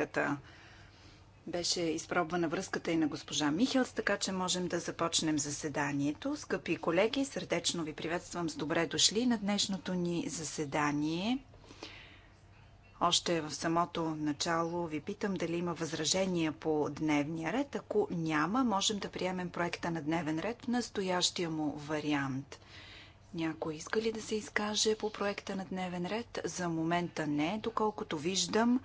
връзката. Беше изпробвана връзката и на госпожа Михелс, така че можем да започнем заседанието. Скъпи колеги, сърдечно ви приветствам с добре дошли на днешното ни заседание. Още в самото начало ви питам дали има възражения по дневния ред. Ако няма, можем да приемем проекта на дневен ред в настоящия му вариант. Някой иска ли да се изкаже по проекта на дневен ред? За момента не, доколкото виждам.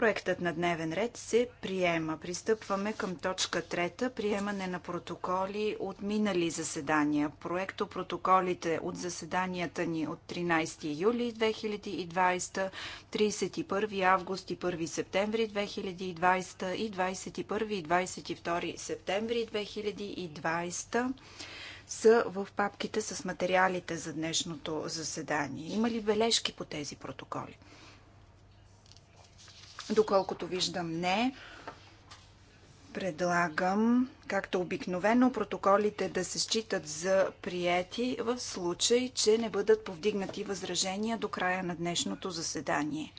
Проектът на дневен ред се приема. Пристъпваме към точка трета. Приемане на протоколи от минали заседания. Проекто протоколите от заседанията ни от 13 юли 2020, 31 август и 1 септември 2020 и 21 и 22 септември 2020 са в папките с материалите за днешното заседание. Има ли бележки по тези протоколи? Доколкото виждам не, предлагам, както обикновено, протоколите да се считат за приети в случай, че не бъдат повдигнати възражения до края на днешното заседание.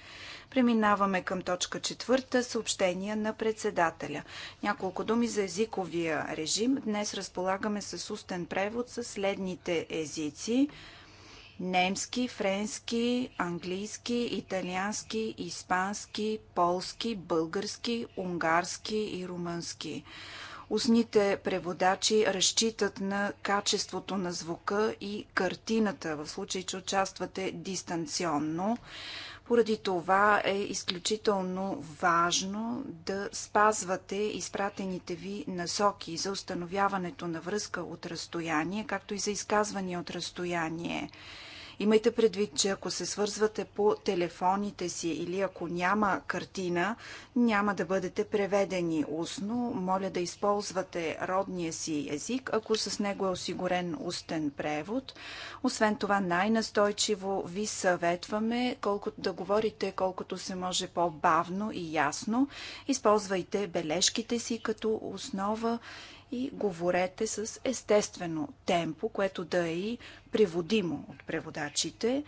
Преминаваме към точка четвърта – съобщения на председателя. Няколко думи за езиковия режим. Днес разполагаме с устен превод с следните езици – немски, френски, английски, италиански, испански, полски, български, унгарски и румънски. Устните преводачи разчитат на качеството на звука и картината, в случай, че участвате дистанционно. Поради това е изключително важно да спазвате изпратените ви насоки за установяването на връзка от разстояние, както и за изказвания от разстояние. Имайте предвид, че ако се свързвате по телефоните си или ако няма картина, няма да бъдете преведени устно. Моля да използвате родния си език, ако с него е осигурен устен превод. Освен това, най-настойчиво ви съветваме колкото да говорите колкото се може по-бавно и ясно. Използвайте бележките си като основа и говорете с естествено темпо, което да е и преводимо от преводачите.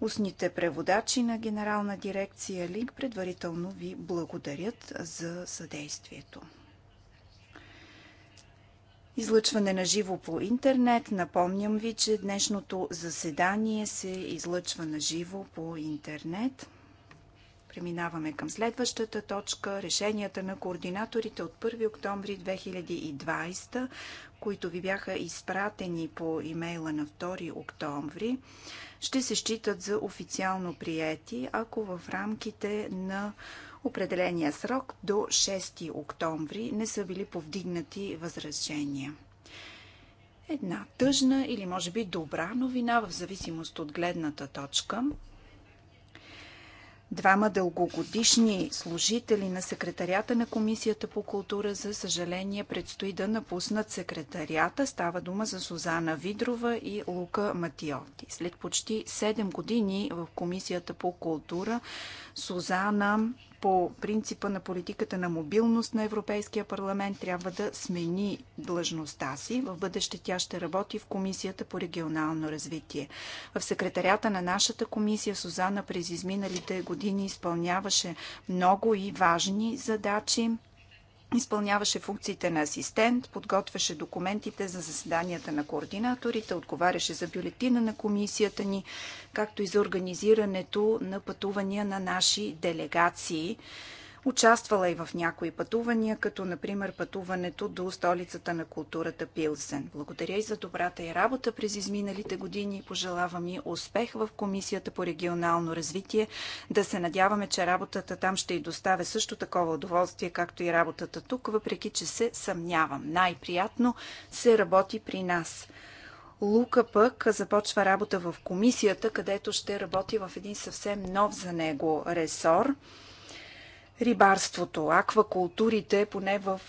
Устните преводачи на Генерална дирекция Линк предварително ви благодарят за съдействието. Излъчване на живо по интернет. Напомням ви, че днешното заседание се излъчва на живо по интернет. Преминаваме към следващата точка. Решенията на координаторите от 1 октомври 2020, които ви бяха изпратени по имейла на 2 октомври, ще се считат за официално приети, ако в рамките на определения срок до 6 октомври не са били повдигнати възражения. Една тъжна или може би добра новина в зависимост от гледната точка – Двама дългогодишни служители на секретарията на Комисията по култура, за съжаление, предстои да напуснат секретарията. Става дума за Сузана Видрова и Лука Матиоти. След почти 7 години в Комисията по култура Сузана по принципа на политиката на мобилност на Европейския парламент трябва да смени длъжността си. В бъдеще тя ще работи в Комисията по регионално развитие. В секретарята на нашата комисия Сузана през изминалите години изпълняваше много и важни задачи изпълняваше функциите на асистент, подготвяше документите за заседанията на координаторите, отговаряше за бюлетина на комисията ни, както и за организирането на пътувания на наши делегации Участвала и в някои пътувания, като например пътуването до столицата на културата Пилсен. Благодаря и за добрата и работа през изминалите години. Пожелавам и успех в Комисията по регионално развитие. Да се надяваме, че работата там ще и доставя също такова удоволствие, както и работата тук, въпреки че се съмнявам. Най-приятно се работи при нас. Лука пък започва работа в комисията, където ще работи в един съвсем нов за него ресор – рибарството. Аквакултурите, поне в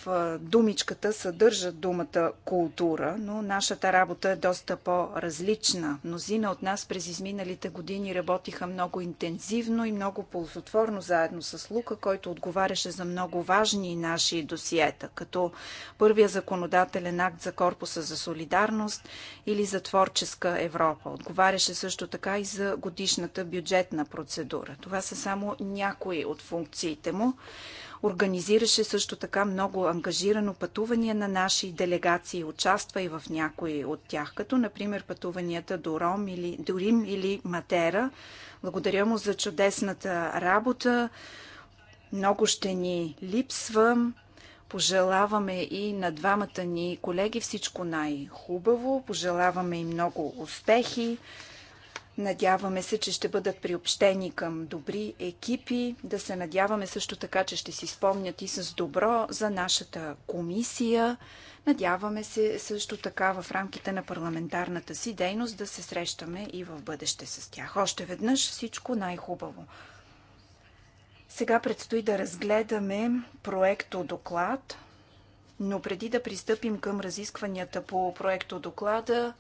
думичката, съдържат думата култура, но нашата работа е доста по-различна. Мнозина от нас през изминалите години работиха много интензивно и много ползотворно заедно с Лука, който отговаряше за много важни наши досиета, като първия законодателен акт за Корпуса за солидарност или за творческа Европа. Отговаряше също така и за годишната бюджетна процедура. Това са само някои от функциите му. Организираше също така много ангажирано пътувания на наши делегации, участва и в някои от тях, като например пътуванията до, Ром или, до Рим или Матера. Благодаря му за чудесната работа. Много ще ни липсва. Пожелаваме и на двамата ни колеги всичко най-хубаво. Пожелаваме и много успехи Надяваме се, че ще бъдат приобщени към добри екипи. Да се надяваме също така, че ще си спомнят и с добро за нашата комисия. Надяваме се също така в рамките на парламентарната си дейност да се срещаме и в бъдеще с тях. Още веднъж всичко най-хубаво. Сега предстои да разгледаме проекто доклад, но преди да пристъпим към разискванията по проекто доклада,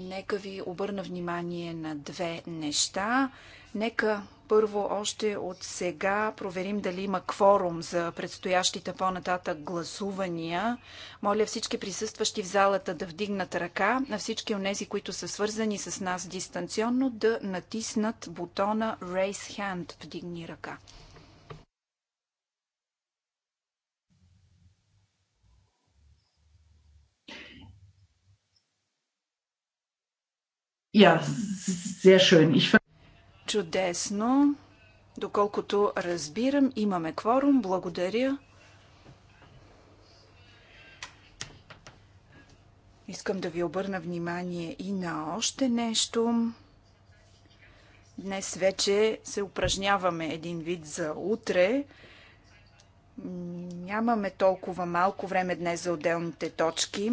Нека ви обърна внимание на две неща. Нека първо още от сега проверим дали има кворум за предстоящите по-нататък гласувания. Моля всички присъстващи в залата да вдигнат ръка, на всички от тези, които са свързани с нас дистанционно, да натиснат бутона Raise Hand, вдигни ръка. Ja, sehr schön. Ich... Чудесно. Доколкото разбирам, имаме кворум. Благодаря. Искам да ви обърна внимание и на още нещо. Днес вече се упражняваме един вид за утре. Нямаме толкова малко време днес за отделните точки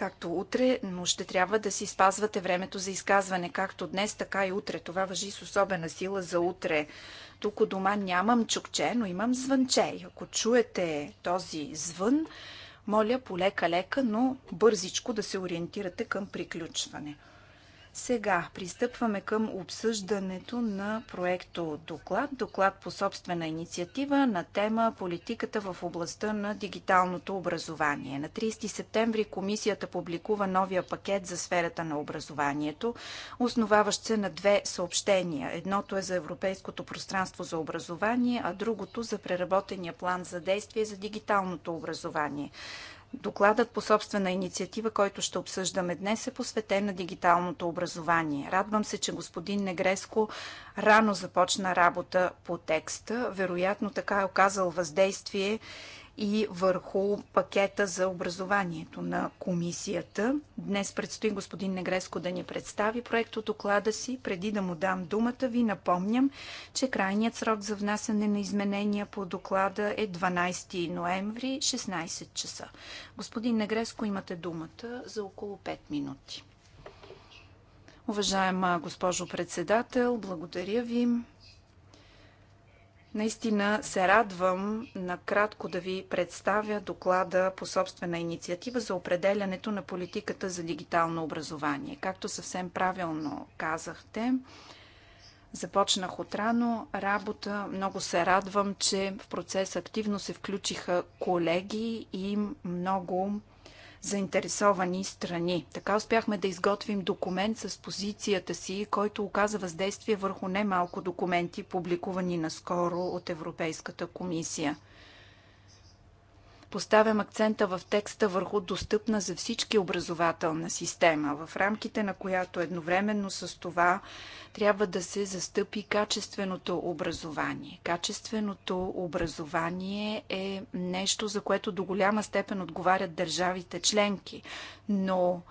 както утре, но ще трябва да си спазвате времето за изказване, както днес, така и утре. Това въжи с особена сила за утре. Тук у дома нямам чукче, но имам звънче. И ако чуете този звън, моля полека-лека, но бързичко да се ориентирате към приключване. Сега пристъпваме към обсъждането на проекто доклад, доклад по собствена инициатива на тема политиката в областта на дигиталното образование. На 30 септември комисията публикува новия пакет за сферата на образованието, основаващ се на две съобщения. Едното е за Европейското пространство за образование, а другото за преработения план за действие за дигиталното образование. Докладът по собствена инициатива, който ще обсъждаме днес, е посветен на дигиталното образование. Радвам се, че господин Негреско рано започна работа по текста. Вероятно така е оказал въздействие и върху пакета за образованието на комисията. Днес предстои господин Негреско да ни представи проект от доклада си. Преди да му дам думата, ви напомням, че крайният срок за внасяне на изменения по доклада е 12 ноември, 16 часа. Господин Негреско, имате думата за около 5 минути. Уважаема госпожо председател, благодаря ви. Наистина се радвам накратко да ви представя доклада по собствена инициатива за определянето на политиката за дигитално образование. Както съвсем правилно казахте, започнах отрано работа. Много се радвам, че в процес активно се включиха колеги и много заинтересовани страни. Така успяхме да изготвим документ с позицията си, който оказа въздействие върху немалко документи, публикувани наскоро от Европейската комисия. Поставям акцента в текста върху достъпна за всички образователна система, в рамките на която едновременно с това трябва да се застъпи качественото образование. Качественото образование е нещо, за което до голяма степен отговарят държавите членки, но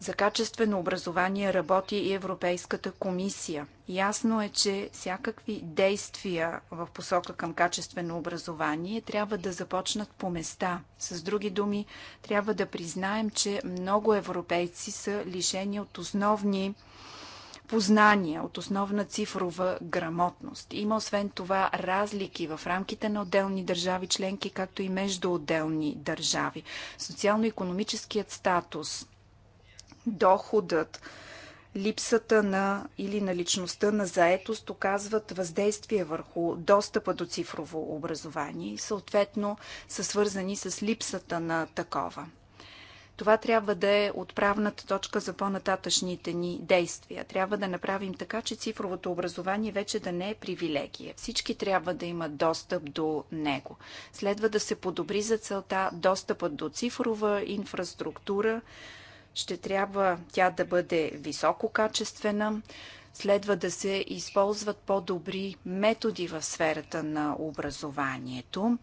за качествено образование работи и Европейската комисия. Ясно е, че всякакви действия в посока към качествено образование трябва да започнат по места. С други думи, трябва да признаем, че много европейци са лишени от основни познания, от основна цифрова грамотност. Има освен това разлики в рамките на отделни държави членки, както и между отделни държави. Социално-економическият статус доходът, липсата на или наличността на заетост оказват въздействие върху достъпа до цифрово образование и съответно са свързани с липсата на такова. Това трябва да е отправната точка за по-нататъчните ни действия. Трябва да направим така, че цифровото образование вече да не е привилегия. Всички трябва да имат достъп до него. Следва да се подобри за целта достъпът до цифрова инфраструктура, ще трябва тя да бъде висококачествена. Следва да се използват по-добри методи в сферата на образованието.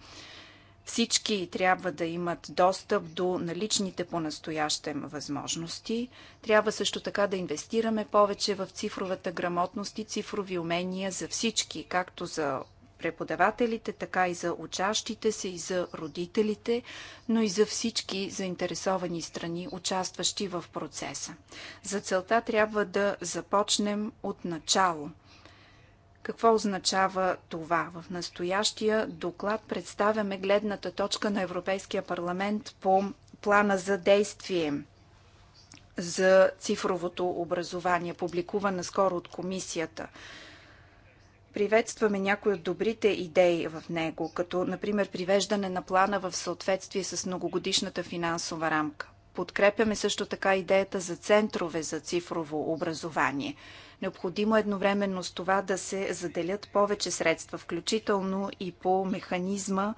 Всички трябва да имат достъп до наличните по-настоящем възможности. Трябва също така да инвестираме повече в цифровата грамотност и цифрови умения за всички, както за преподавателите, така и за учащите се и за родителите, но и за всички заинтересовани страни, участващи в процеса. За целта трябва да започнем от начало – какво означава това? В настоящия доклад представяме гледната точка на Европейския парламент по плана за действие за цифровото образование, публикувана скоро от комисията приветстваме някои от добрите идеи в него, като например привеждане на плана в съответствие с многогодишната финансова рамка. Подкрепяме също така идеята за центрове за цифрово образование. Необходимо е едновременно с това да се заделят повече средства, включително и по механизма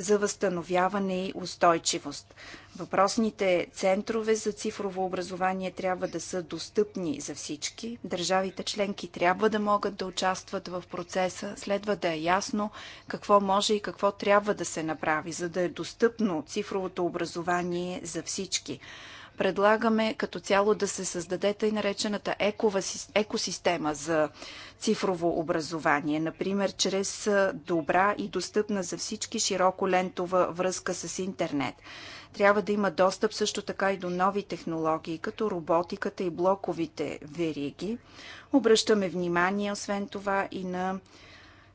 за възстановяване и устойчивост. Въпросните центрове за цифрово образование трябва да са достъпни за всички. Държавите членки трябва да могат да участват в процеса. Следва да е ясно какво може и какво трябва да се направи, за да е достъпно цифровото образование за всички предлагаме като цяло да се създаде тъй наречената екосистема за цифрово образование, например чрез добра и достъпна за всички широко лентова връзка с интернет. Трябва да има достъп също така и до нови технологии, като роботиката и блоковите вериги. Обръщаме внимание, освен това, и на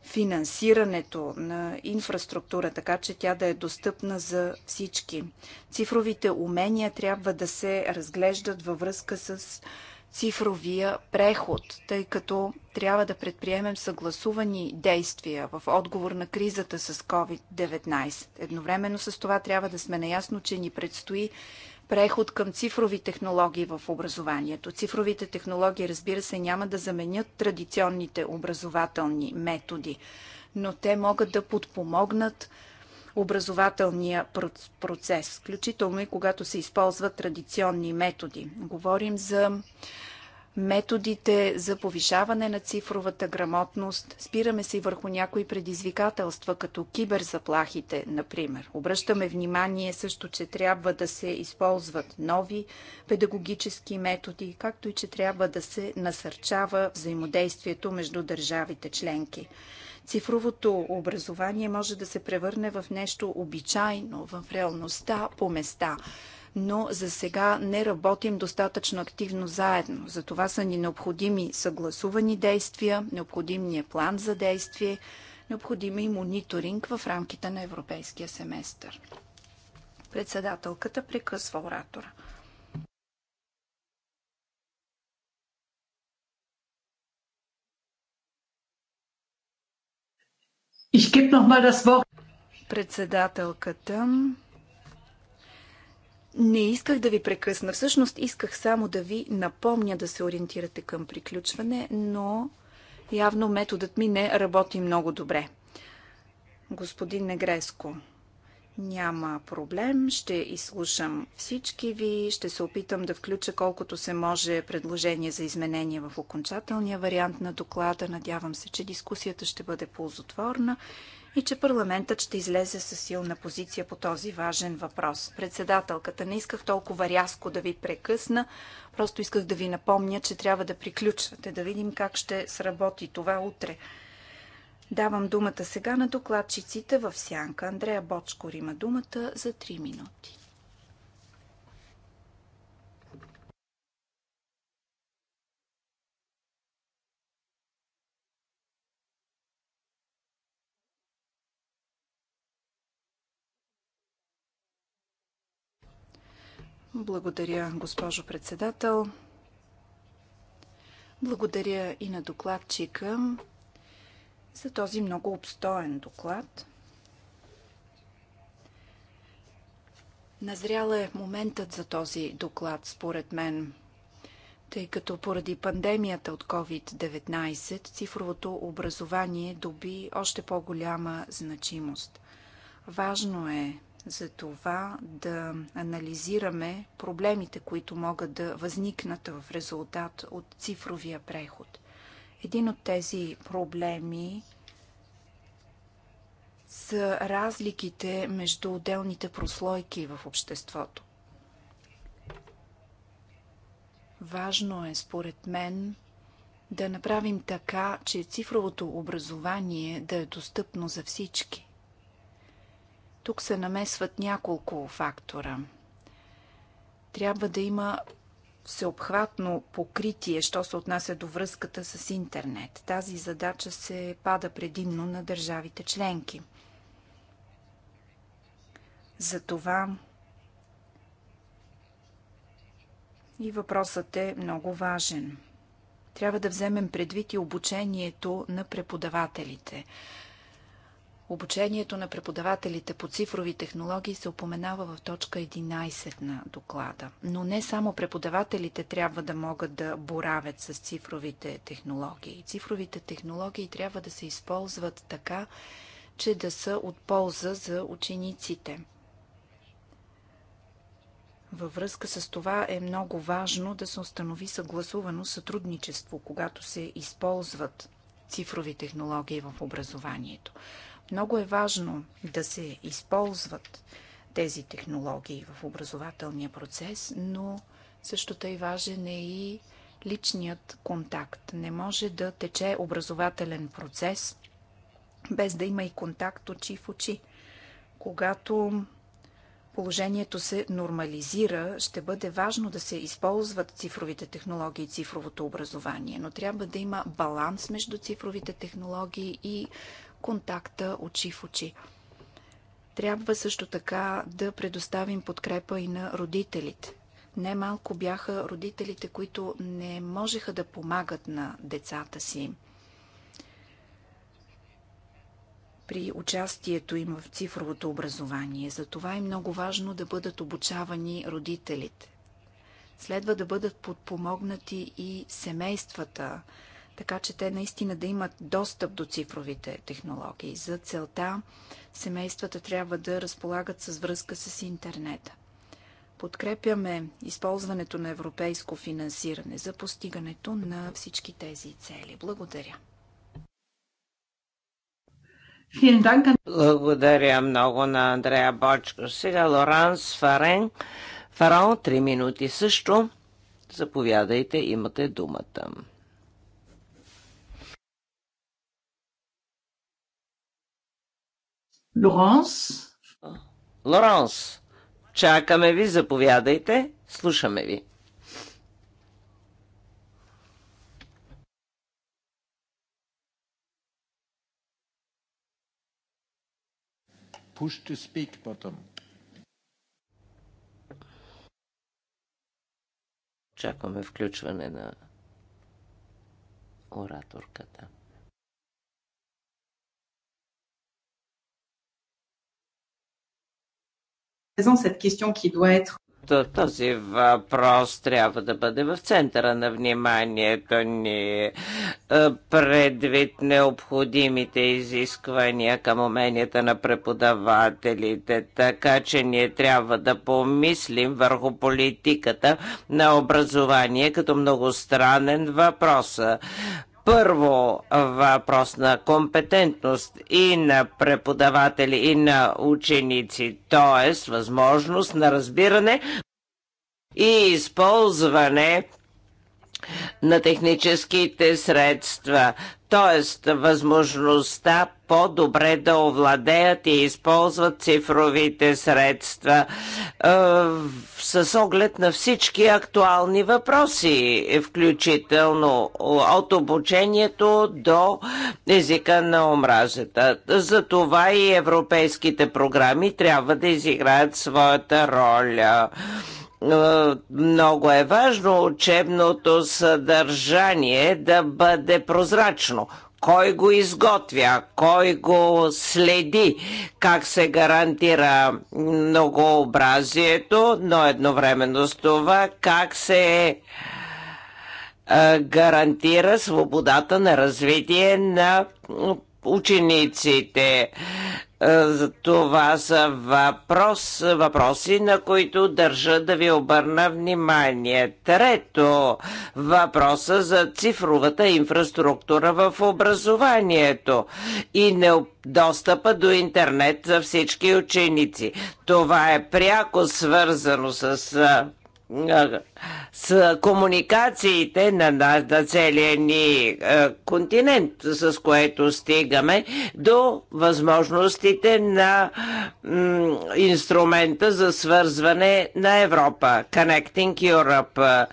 финансирането на инфраструктура, така че тя да е достъпна за всички. Цифровите умения трябва да се разглеждат във връзка с цифровия преход, тъй като трябва да предприемем съгласувани действия в отговор на кризата с COVID-19. Едновременно с това трябва да сме наясно, че ни предстои преход към цифрови технологии в образованието. Цифровите технологии, разбира се, няма да заменят традиционните образователни методи, но те могат да подпомогнат образователния процес, включително и когато се използват традиционни методи. Говорим за методите за повишаване на цифровата грамотност. Спираме се и върху някои предизвикателства, като киберзаплахите, например. Обръщаме внимание също, че трябва да се използват нови педагогически методи, както и че трябва да се насърчава взаимодействието между държавите членки. Цифровото образование може да се превърне в нещо обичайно в реалността по места но за сега не работим достатъчно активно заедно. За това са ни необходими съгласувани действия, необходим ни е план за действие, необходим е и мониторинг в рамките на европейския семестър. Председателката прекъсва оратора. Председателката не исках да ви прекъсна. Всъщност исках само да ви напомня да се ориентирате към приключване, но явно методът ми не работи много добре. Господин Негреско. Няма проблем. Ще изслушам всички ви. Ще се опитам да включа колкото се може предложение за изменение в окончателния вариант на доклада. Надявам се, че дискусията ще бъде ползотворна и че парламентът ще излезе със силна позиция по този важен въпрос. Председателката не исках толкова рязко да ви прекъсна, просто исках да ви напомня, че трябва да приключвате, да видим как ще сработи това утре. Давам думата сега на докладчиците в сянка. Андрея Бочкор има думата за 3 минути. Благодаря, госпожо председател. Благодаря и на докладчика за този много обстоен доклад. Назряла е моментът за този доклад, според мен, тъй като поради пандемията от COVID-19 цифровото образование доби още по-голяма значимост. Важно е за това да анализираме проблемите, които могат да възникнат в резултат от цифровия преход – един от тези проблеми са разликите между отделните прослойки в обществото. Важно е, според мен, да направим така, че цифровото образование да е достъпно за всички. Тук се намесват няколко фактора. Трябва да има всеобхватно покритие, що се отнася до връзката с интернет. Тази задача се пада предимно на държавите членки. Затова и въпросът е много важен. Трябва да вземем предвид и обучението на преподавателите. Обучението на преподавателите по цифрови технологии се упоменава в точка 11 на доклада. Но не само преподавателите трябва да могат да боравят с цифровите технологии. Цифровите технологии трябва да се използват така, че да са от полза за учениците. Във връзка с това е много важно да се установи съгласувано сътрудничество, когато се използват цифрови технологии в образованието. Много е важно да се използват тези технологии в образователния процес, но също тъй важен е и личният контакт. Не може да тече образователен процес без да има и контакт очи в очи. Когато положението се нормализира, ще бъде важно да се използват цифровите технологии и цифровото образование, но трябва да има баланс между цифровите технологии и контакта очи в очи. Трябва също така да предоставим подкрепа и на родителите. Немалко бяха родителите, които не можеха да помагат на децата си. при участието им в цифровото образование. Затова е много важно да бъдат обучавани родителите. Следва да бъдат подпомогнати и семействата така че те наистина да имат достъп до цифровите технологии. За целта семействата трябва да разполагат с връзка с интернета. Подкрепяме използването на европейско финансиране за постигането на всички тези цели. Благодаря. Благодаря много на Андрея Бочко. Сега Лоранс Фарен. Фарон, три минути също. Заповядайте, имате думата. Лоранс? Лоранс, чакаме ви, заповядайте, слушаме ви. push to speak button. Чакаме включване на ораторката. Cette question qui doit être този въпрос трябва да бъде в центъра на вниманието ни е, предвид необходимите изисквания към уменията на преподавателите, така че ние трябва да помислим върху политиката на образование като многостранен въпрос първо въпрос на компетентност и на преподаватели, и на ученици, т.е. възможност на разбиране и използване на техническите средства, т.е. възможността по-добре да овладеят и използват цифровите средства е, с оглед на всички актуални въпроси, включително от обучението до езика на омразата. За това и европейските програми трябва да изиграят своята роля много е важно учебното съдържание да бъде прозрачно. Кой го изготвя, кой го следи, как се гарантира многообразието, но едновременно с това как се гарантира свободата на развитие на учениците. Е, това са въпрос, въпроси, на които държа да ви обърна внимание. Трето, въпроса за цифровата инфраструктура в образованието и не достъпа до интернет за всички ученици. Това е пряко свързано с е, с комуникациите на, на, на целия ни е, континент, с което стигаме до възможностите на инструмента за свързване на Европа, Connecting Europe.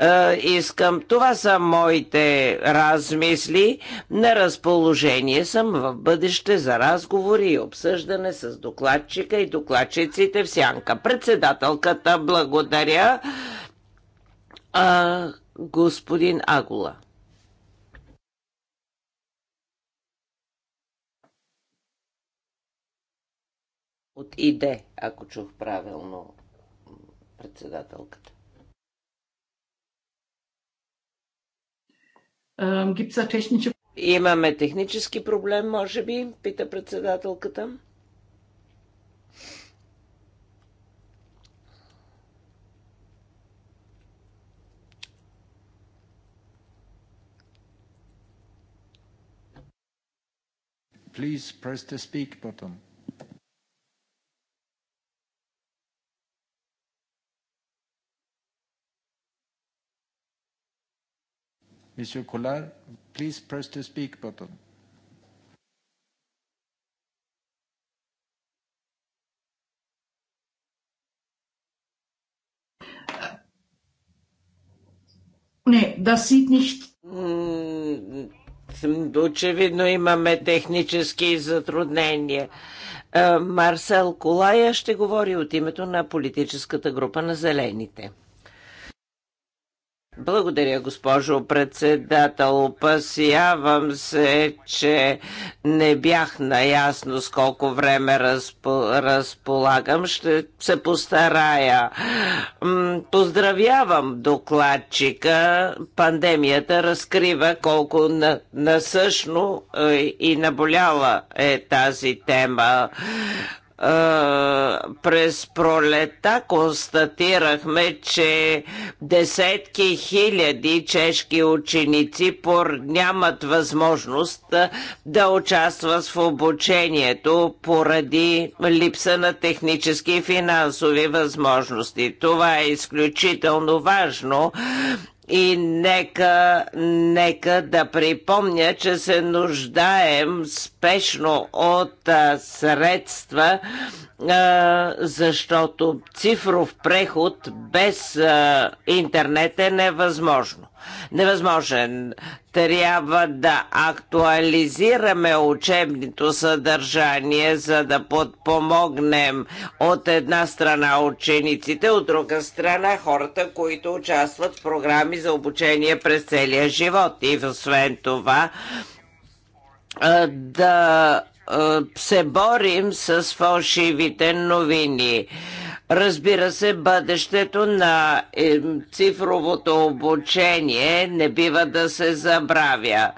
Е, е, искам, това са моите размисли, на разположение съм в бъдеще за разговори и обсъждане с докладчика и докладчиците в сянка. Председателката, благодаря а, господин Агула. От ИДЕ, ако чух правилно председателката. Имаме технически проблем, може би, пита председателката. Please press the speak button. Monsieur Collard, please press the speak button. Nee, das sieht nicht Очевидно имаме технически затруднения. Е, Марсел Колая ще говори от името на политическата група на Зелените. Благодаря, госпожо председател. Опасявам се, че не бях наясно с колко време разполагам. Ще се постарая. Поздравявам докладчика. Пандемията разкрива колко насъщно е, и наболяла е тази тема през пролета констатирахме, че десетки хиляди чешки ученици нямат възможност да участват в обучението поради липса на технически и финансови възможности. Това е изключително важно и нека, нека да припомня, че се нуждаем спешно от а, средства, а, защото цифров преход без а, интернет е невъзможно невъзможен. Трябва да актуализираме учебното съдържание, за да подпомогнем от една страна учениците, от друга страна хората, които участват в програми за обучение през целия живот. И освен това, да се борим с фалшивите новини. Разбира се, бъдещето на е, цифровото обучение не бива да се забравя,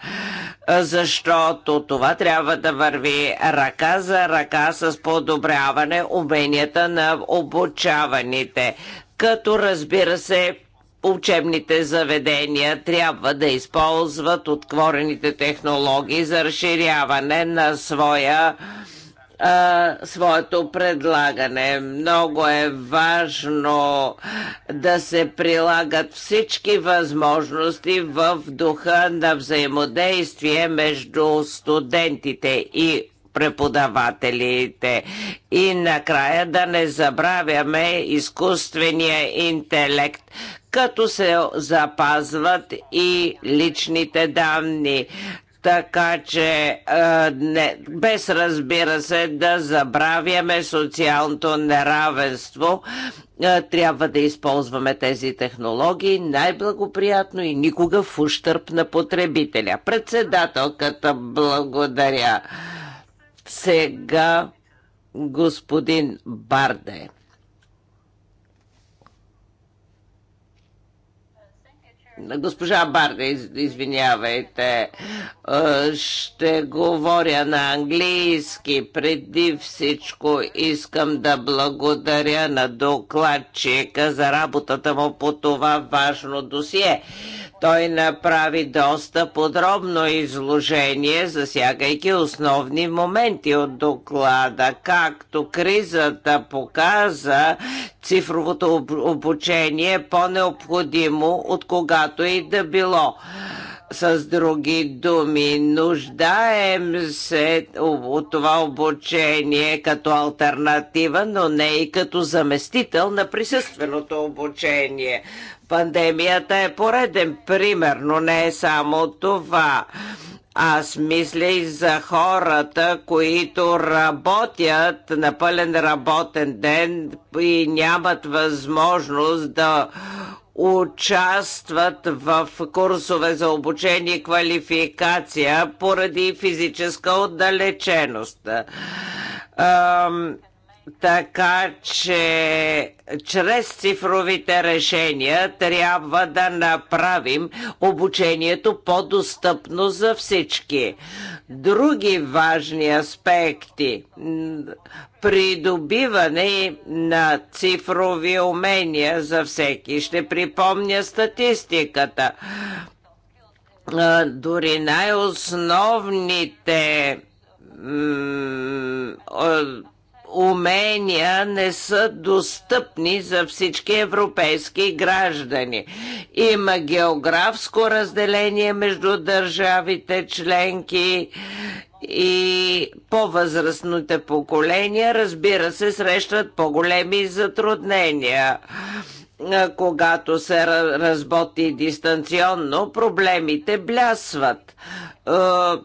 защото това трябва да върви ръка за ръка с подобряване уменията на обучаваните, като разбира се учебните заведения трябва да използват отворените технологии за разширяване на своя а, своето предлагане. Много е важно да се прилагат всички възможности в духа на взаимодействие между студентите и преподавателите. И накрая да не забравяме изкуствения интелект, като се запазват и личните данни. Така че а, не, без разбира се да забравяме социалното неравенство, а, трябва да използваме тези технологии най-благоприятно и никога в ущърп на потребителя. Председателката благодаря. Сега господин Барде. Госпожа из, извинявайте, ще говоря на английски. Преди всичко искам да благодаря на докладчика за работата му по това важно досие. Той направи доста подробно изложение, засягайки основни моменти от доклада. Както кризата показа, цифровото обучение е по-необходимо от когато каквато и да било. С други думи, нуждаем се от това обучение като альтернатива, но не и като заместител на присъственото обучение. Пандемията е пореден пример, но не е само това. Аз мисля и за хората, които работят на пълен работен ден и нямат възможност да участват в курсове за обучение и квалификация поради физическа отдалеченост. Ам така че чрез цифровите решения трябва да направим обучението по-достъпно за всички. Други важни аспекти придобиване на цифрови умения за всеки. Ще припомня статистиката. Дори най-основните умения не са достъпни за всички европейски граждани. Има географско разделение между държавите членки и по-възрастните поколения, разбира се, срещат по-големи затруднения когато се разботи дистанционно, проблемите блясват. Е,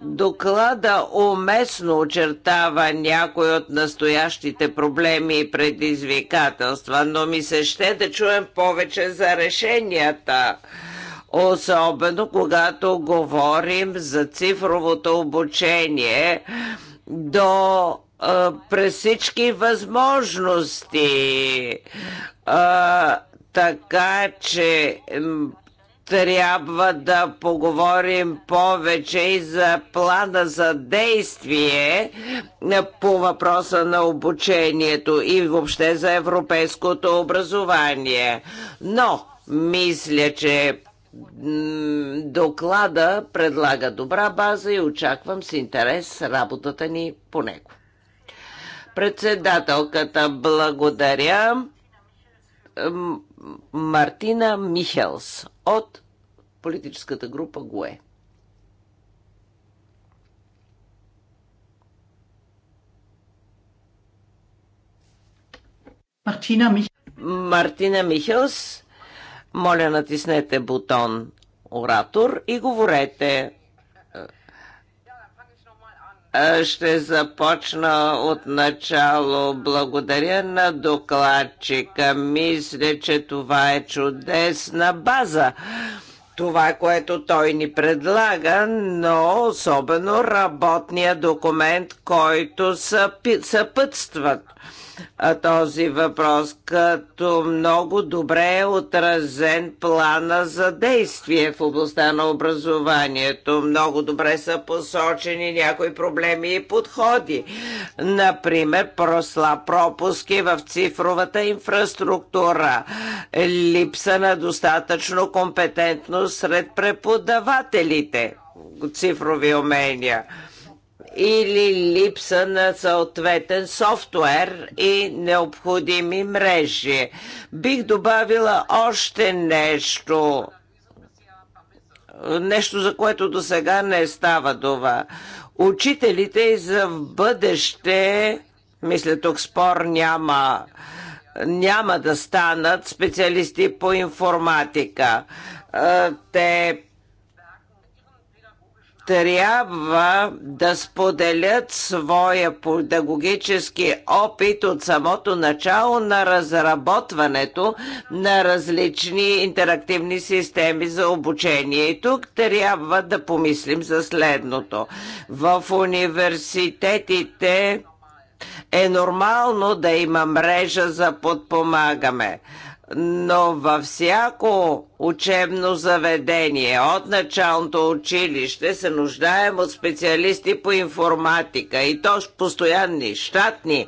доклада уместно очертава някои от настоящите проблеми и предизвикателства, но ми се ще да чуем повече за решенията особено когато говорим за цифровото обучение до е, през всички възможности. Е, така че трябва да поговорим повече и за плана за действие по въпроса на обучението и въобще за европейското образование. Но мисля, че доклада предлага добра база и очаквам с интерес работата ни по него. Председателката благодаря Мартина Михелс от политическата група ГУЕ. Мартина, Михелс. Мартина Михелс, моля натиснете бутон оратор и говорете ще започна от начало. Благодаря на докладчика. Мисля, че това е чудесна база това, което той ни предлага, но особено работния документ, който съпътстват този въпрос, като много добре е отразен плана за действие в областта на образованието. Много добре са посочени някои проблеми и подходи. Например, просла пропуски в цифровата инфраструктура, липса на достатъчно компетентност сред преподавателите, цифрови умения – или липса на съответен софтуер и необходими мрежи. Бих добавила още нещо нещо, за което до сега не става това. Учителите и за в бъдеще, мисля тук спор няма, няма да станат специалисти по информатика. Е, те трябва да споделят своя педагогически опит от самото начало на разработването на различни интерактивни системи за обучение. И тук трябва да помислим за следното. В университетите е нормално да има мрежа за подпомагане но във всяко учебно заведение от началното училище се нуждаем от специалисти по информатика и то постоянни, щатни,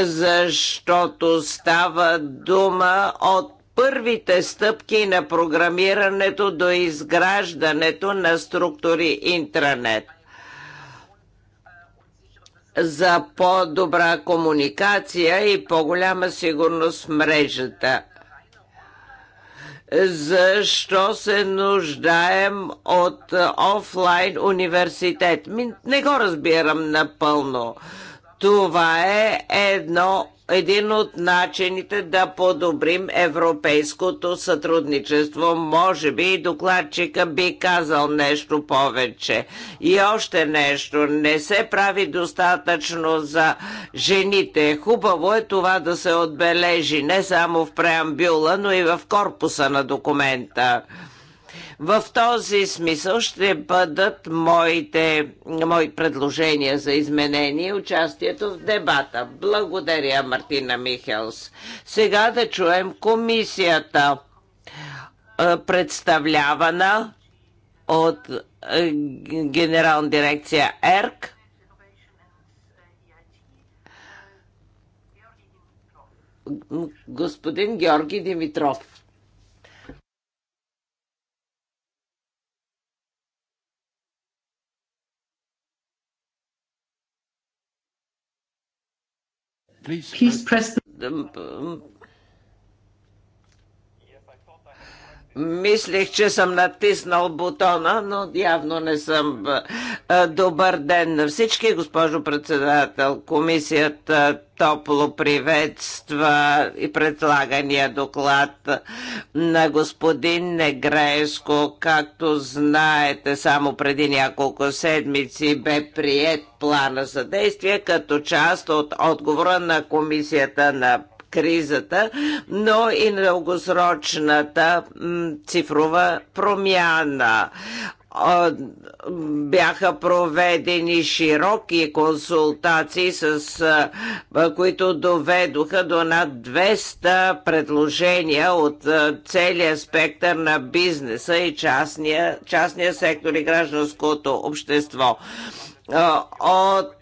защото става дума от първите стъпки на програмирането до изграждането на структури интранет за по-добра комуникация и по-голяма сигурност в мрежата. Защо се нуждаем от офлайн университет? Не го разбирам напълно. Това е едно, един от начините да подобрим европейското сътрудничество. Може би и докладчика би казал нещо повече. И още нещо. Не се прави достатъчно за жените. Хубаво е това да се отбележи не само в преамбюла, но и в корпуса на документа. В този смисъл ще бъдат моите мои предложения за изменение и участието в дебата. Благодаря, Мартина Михелс. Сега да чуем комисията, представлявана от Генерална дирекция ЕРК. господин Георги Димитров. Please press the Мислех, че съм натиснал бутона, но явно не съм. Добър ден на всички, госпожо председател. Комисията топло приветства и предлагания доклад на господин Негреско. Както знаете, само преди няколко седмици бе прият плана за действие като част от отговора на комисията на кризата, но и на дългосрочната цифрова промяна бяха проведени широки консултации, с, които доведоха до над 200 предложения от целия спектър на бизнеса и частния, частния сектор и гражданското общество. От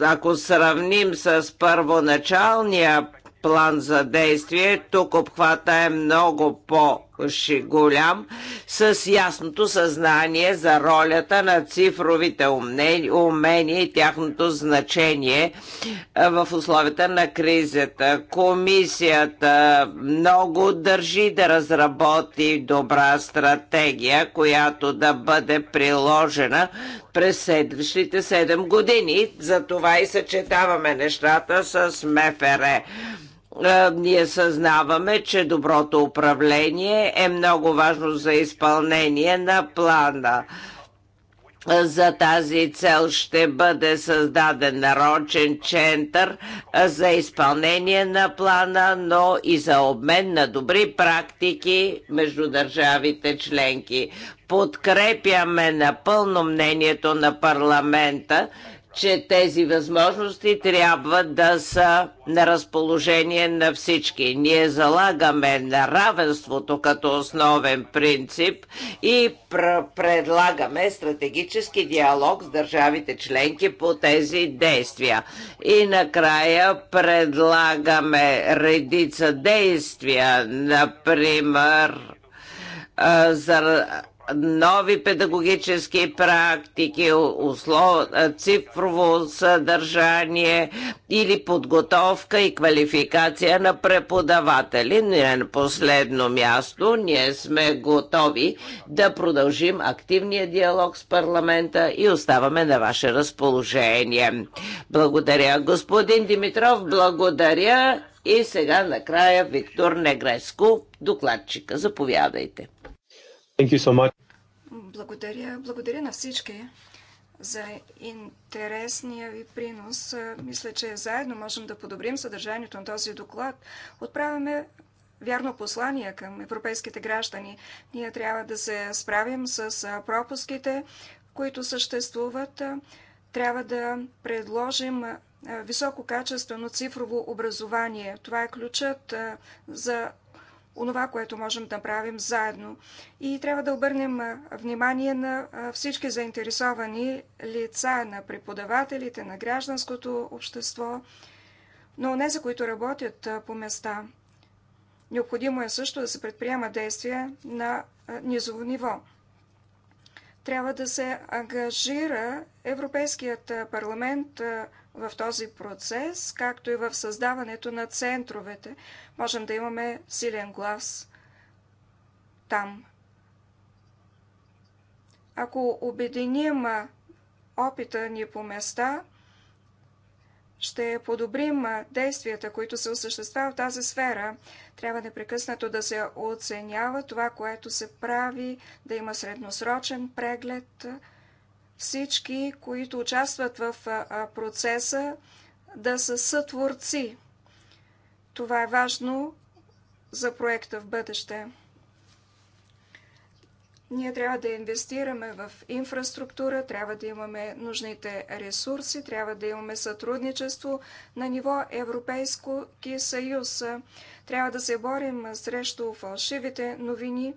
ако сравним с първоначалния план за действие. Тук обхвата е много по-голям, с ясното съзнание за ролята на цифровите умения и тяхното значение в условията на кризата. Комисията много държи да разработи добра стратегия, която да бъде приложена през следващите 7 години. За това и съчетаваме нещата с МФР ние съзнаваме, че доброто управление е много важно за изпълнение на плана. За тази цел ще бъде създаден нарочен център за изпълнение на плана, но и за обмен на добри практики между държавите членки. Подкрепяме напълно мнението на парламента, че тези възможности трябва да са на разположение на всички. Ние залагаме на равенството като основен принцип и пр предлагаме стратегически диалог с държавите членки по тези действия. И накрая предлагаме редица действия, например за нови педагогически практики, услов, цифрово съдържание или подготовка и квалификация на преподаватели. Не на последно място ние сме готови да продължим активния диалог с парламента и оставаме на ваше разположение. Благодаря, господин Димитров, благодаря. И сега накрая Виктор Негреско, докладчика. Заповядайте. Thank you so much. Благодаря. Благодаря на всички за интересния ви принос. Мисля, че заедно можем да подобрим съдържанието на този доклад. Отправяме вярно послание към европейските граждани. Ние трябва да се справим с пропуските, които съществуват. Трябва да предложим висококачествено цифрово образование. Това е ключът за онова, което можем да правим заедно. И трябва да обърнем внимание на всички заинтересовани лица, на преподавателите, на гражданското общество, но не за които работят по места. Необходимо е също да се предприема действия на низово ниво трябва да се ангажира Европейският парламент в този процес, както и в създаването на центровете. Можем да имаме силен глас там. Ако обединим опита ни по места, ще подобрим действията, които се осъществяват в тази сфера. Трябва непрекъснато да се оценява това, което се прави, да има средносрочен преглед. Всички, които участват в процеса, да са сътворци. Това е важно за проекта в бъдеще. Ние трябва да инвестираме в инфраструктура, трябва да имаме нужните ресурси, трябва да имаме сътрудничество на ниво Европейски съюз. Трябва да се борим срещу фалшивите новини.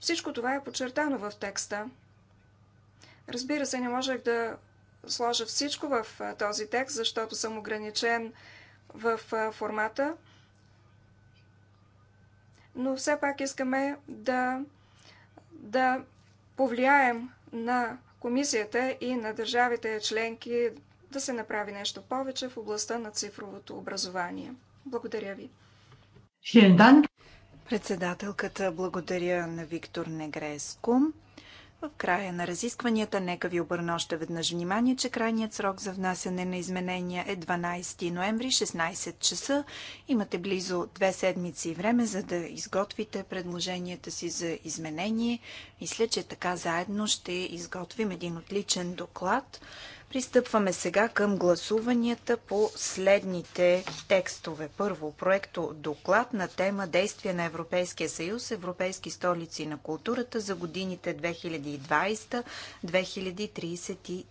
Всичко това е подчертано в текста. Разбира се, не можех да сложа всичко в този текст, защото съм ограничен в формата. Но все пак искаме да да повлияем на комисията и на държавите членки да се направи нещо повече в областта на цифровото образование. Благодаря ви. Председателката благодаря на Виктор Негреско. В края на разискванията нека ви обърна още веднъж внимание, че крайният срок за внасяне на изменения е 12 ноември, 16 часа. Имате близо две седмици време, за да изготвите предложенията си за изменение. Мисля, че така заедно ще изготвим един отличен доклад, Пристъпваме сега към гласуванията по следните текстове. Първо, проекто доклад на тема Действия на Европейския съюз, Европейски столици на културата за годините 2020-2033.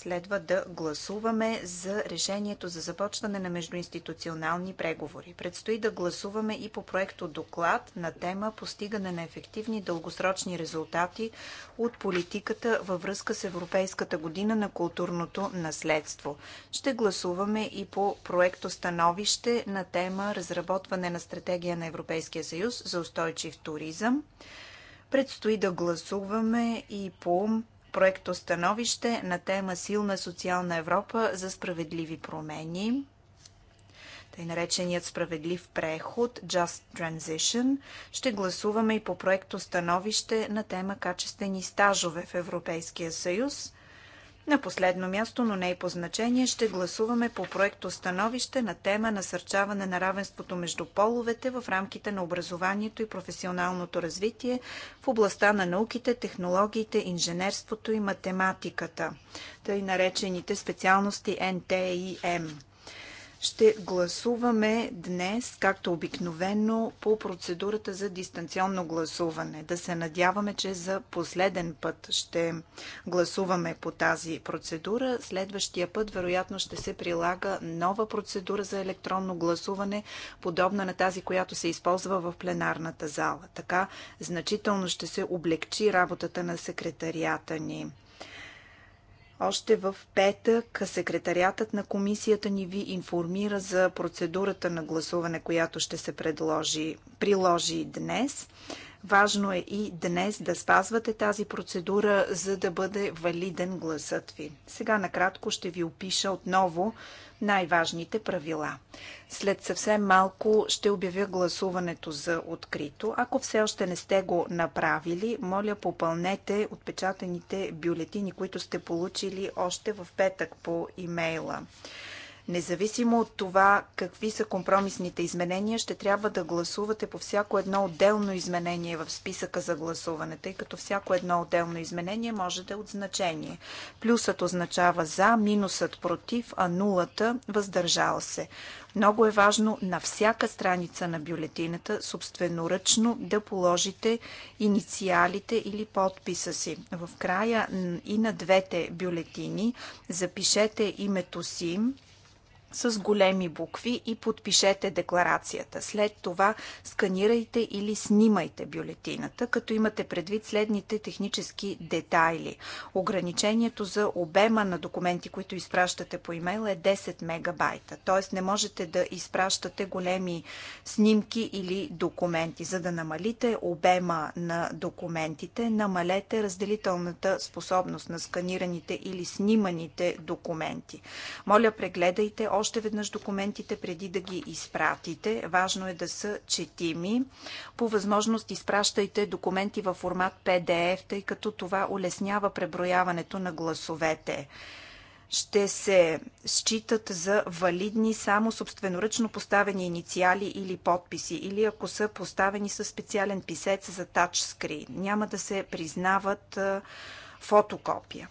Следва да гласуваме за решението за започване на междуинституционални преговори. Предстои да гласуваме и по проекто доклад на тема Постигане на ефективни дългосрочни резултати от политиката във връзка с Европейската година на културното наследство. Ще гласуваме и по проекто становище на тема Разработване на стратегия на Европейския съюз за устойчив туризъм. Предстои да гласуваме и по проекто становище на тема Силна социална Европа за справедливи промени. Тъй нареченият справедлив преход, Just Transition, ще гласуваме и по проекто становище на тема Качествени стажове в Европейския съюз. На последно място, но не и по значение, ще гласуваме по проекто становище на тема Насърчаване на равенството между половете в рамките на образованието и професионалното развитие в областта на науките, технологиите, инженерството и математиката, тъй наречените специалности НТИМ ще гласуваме днес, както обикновено, по процедурата за дистанционно гласуване. Да се надяваме, че за последен път ще гласуваме по тази процедура. Следващия път, вероятно, ще се прилага нова процедура за електронно гласуване, подобна на тази, която се използва в пленарната зала. Така значително ще се облегчи работата на секретарията ни. Още в петък секретариатът на комисията ни ви информира за процедурата на гласуване, която ще се предложи, приложи днес. Важно е и днес да спазвате тази процедура, за да бъде валиден гласът ви. Сега накратко ще ви опиша отново най-важните правила. След съвсем малко ще обявя гласуването за открито. Ако все още не сте го направили, моля попълнете отпечатаните бюлетини, които сте получили още в петък по имейла. Независимо от това какви са компромисните изменения, ще трябва да гласувате по всяко едно отделно изменение в списъка за гласуване, тъй като всяко едно отделно изменение може да е от значение. Плюсът означава за, минусът против, а нулата въздържал се. Много е важно на всяка страница на бюлетината собственоръчно да положите инициалите или подписа си. В края и на двете бюлетини запишете името си, с големи букви и подпишете декларацията. След това сканирайте или снимайте бюлетината, като имате предвид следните технически детайли. Ограничението за обема на документи, които изпращате по имейл е 10 мегабайта, т.е. не можете да изпращате големи снимки или документи. За да намалите обема на документите, намалете разделителната способност на сканираните или сниманите документи. Моля, прегледайте още още веднъж документите преди да ги изпратите. Важно е да са четими. По възможност изпращайте документи във формат PDF, тъй като това улеснява преброяването на гласовете ще се считат за валидни само собственоръчно поставени инициали или подписи, или ако са поставени със специален писец за тачскрин. Няма да се признават фотокопия.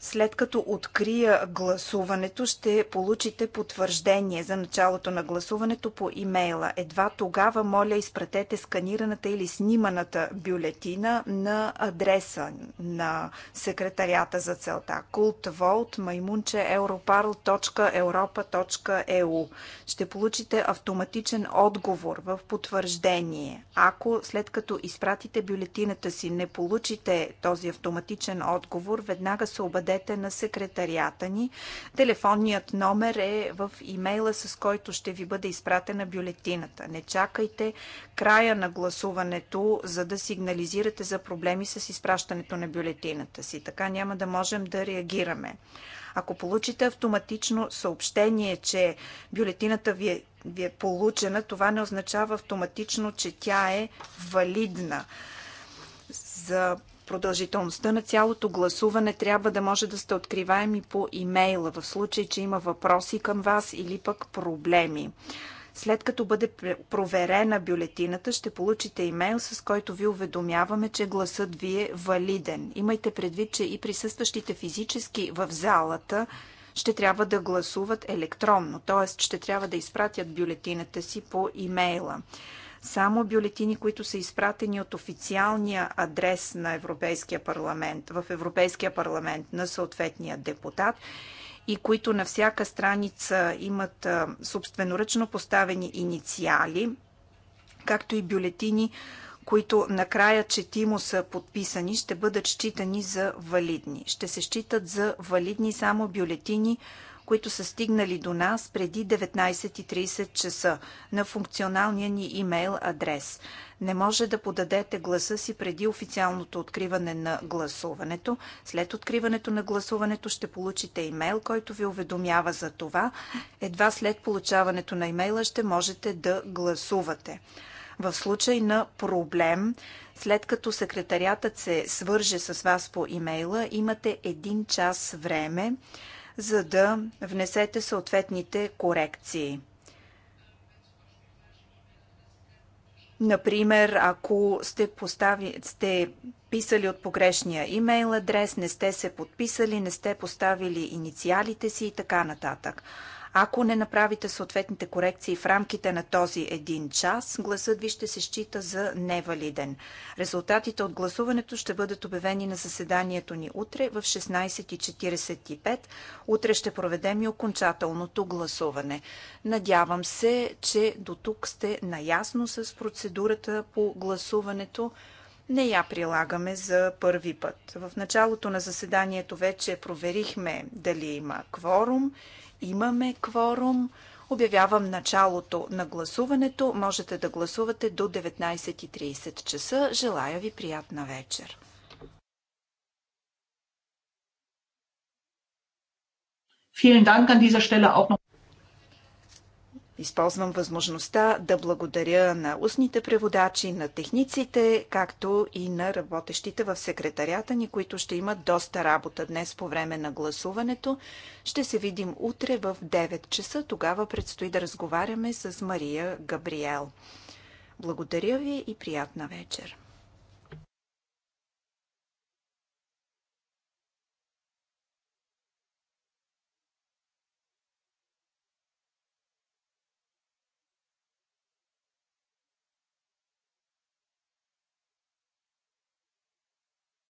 След като открия гласуването, ще получите потвърждение за началото на гласуването по имейла. Едва тогава, моля, изпратете сканираната или сниманата бюлетина на адреса на секретарията за целта cultvolt.maimunche.europarl.europa.eu е Ще получите автоматичен отговор в потвърждение. Ако след като изпратите бюлетината си не получите този автоматичен отговор, веднага се обадете дадете на секретарията ни. Телефонният номер е в имейла, с който ще ви бъде изпратена бюлетината. Не чакайте края на гласуването, за да сигнализирате за проблеми с изпращането на бюлетината си. Така няма да можем да реагираме. Ако получите автоматично съобщение, че бюлетината ви е, ви е получена, това не означава автоматично, че тя е валидна. За Продължителността на цялото гласуване трябва да може да сте откриваеми по имейла, в случай, че има въпроси към вас или пък проблеми. След като бъде проверена бюлетината, ще получите имейл, с който ви уведомяваме, че гласът ви е валиден. Имайте предвид, че и присъстващите физически в залата ще трябва да гласуват електронно, т.е. ще трябва да изпратят бюлетината си по имейла само бюлетини, които са изпратени от официалния адрес на Европейския парламент, в Европейския парламент на съответния депутат и които на всяка страница имат собственоръчно поставени инициали, както и бюлетини, които накрая четимо са подписани, ще бъдат считани за валидни. Ще се считат за валидни само бюлетини, които са стигнали до нас преди 19.30 часа на функционалния ни имейл адрес. Не може да подадете гласа си преди официалното откриване на гласуването. След откриването на гласуването ще получите имейл, който ви уведомява за това. Едва след получаването на имейла ще можете да гласувате. В случай на проблем, след като секретарятът се свърже с вас по имейла, имате един час време, за да внесете съответните корекции. Например, ако сте, постави, сте писали от погрешния имейл адрес, не сте се подписали, не сте поставили инициалите си и така нататък. Ако не направите съответните корекции в рамките на този един час, гласът ви ще се счита за невалиден. Резултатите от гласуването ще бъдат обявени на заседанието ни утре в 16.45. Утре ще проведем и окончателното гласуване. Надявам се, че до тук сте наясно с процедурата по гласуването не я прилагаме за първи път. В началото на заседанието вече проверихме дали има кворум Имаме кворум. Обявявам началото на гласуването. Можете да гласувате до 19.30 часа. Желая ви приятна вечер. Vielen Dank an dieser Stelle auch noch. Използвам възможността да благодаря на устните преводачи, на техниците, както и на работещите в секретарията ни, които ще имат доста работа днес по време на гласуването. Ще се видим утре в 9 часа. Тогава предстои да разговаряме с Мария Габриел. Благодаря ви и приятна вечер!